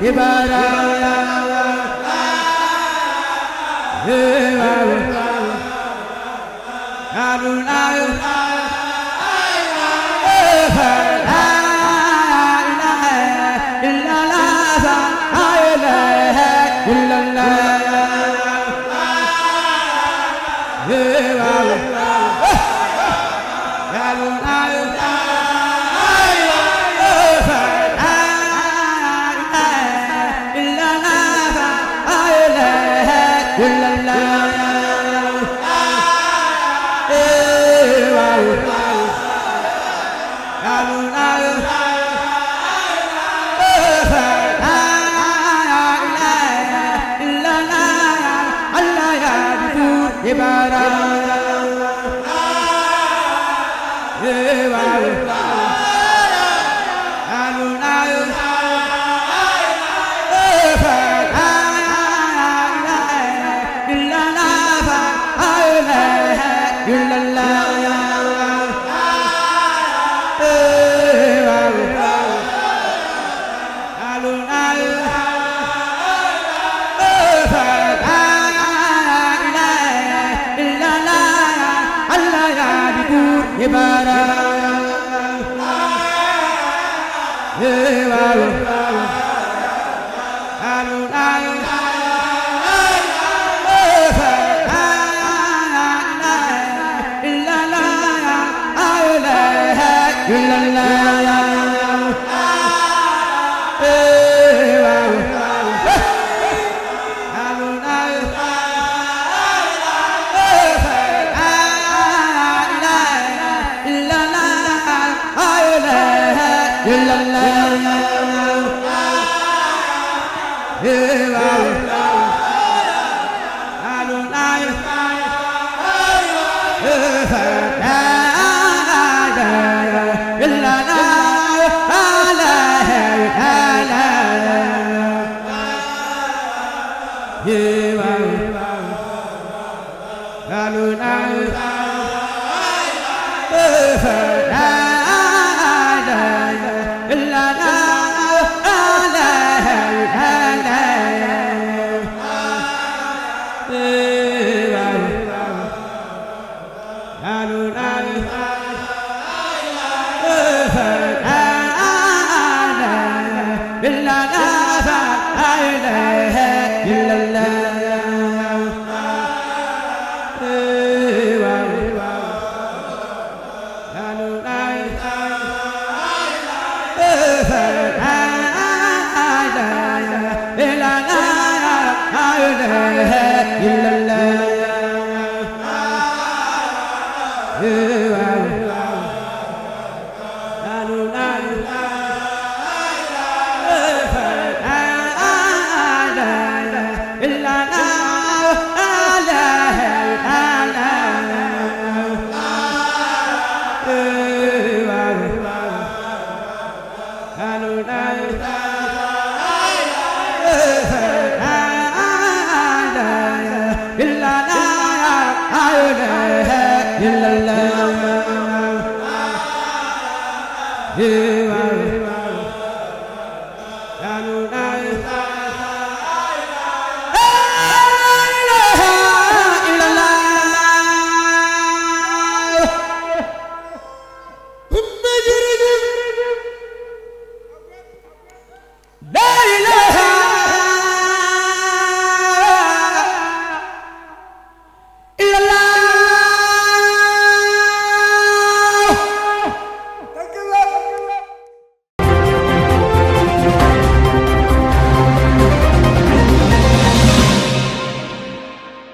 Allahu la la ibaara Yeah, wow. Amen.